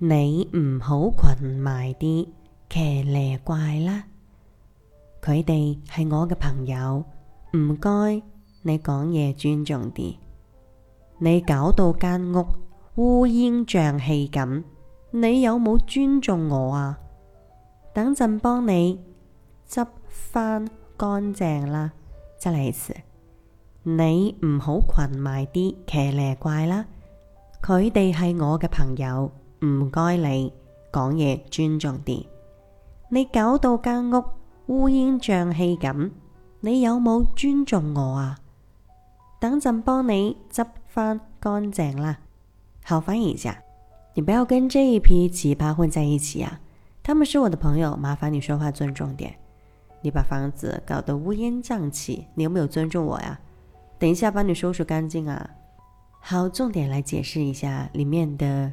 你唔好群埋啲騎哩怪啦，佢哋係我嘅朋友，唔該你講嘢尊重啲。你搞到間屋烏煙瘴氣咁，你有冇尊重我啊？等陣幫你執返乾淨啦。再嚟你唔好群埋啲騎哩怪啦，佢哋係我嘅朋友。唔該，你講嘢尊重啲。你搞到間屋烏煙瘴氣咁，你有冇尊重我啊？等陣幫你執返乾淨啦。好，翻譯一下，你不要跟這一批奇葩混在一起啊。他們是我的朋友，麻煩你說話尊重點。你把房子搞得烏煙瘴氣，你有沒有尊重我啊？等一下幫你收拾乾淨啊。好，重點來解釋一下裏面的。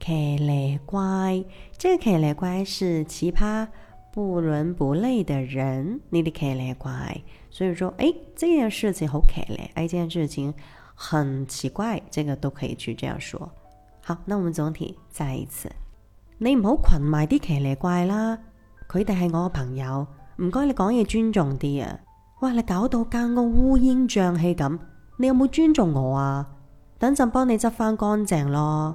騎哩怪，即係騎哩怪是奇葩、不倫不類的人，呢啲騎哩怪，所以說，誒，這件事情好騎哩，誒，件事情很奇怪，這個都可以去這樣說。好，那我們總體再一次，你唔好群埋啲騎哩怪啦，佢哋係我嘅朋友，唔該你講嘢尊重啲啊，哇，你搞到間屋烏煙瘴氣咁，你有冇尊重我啊？等陣幫你執返乾淨咯。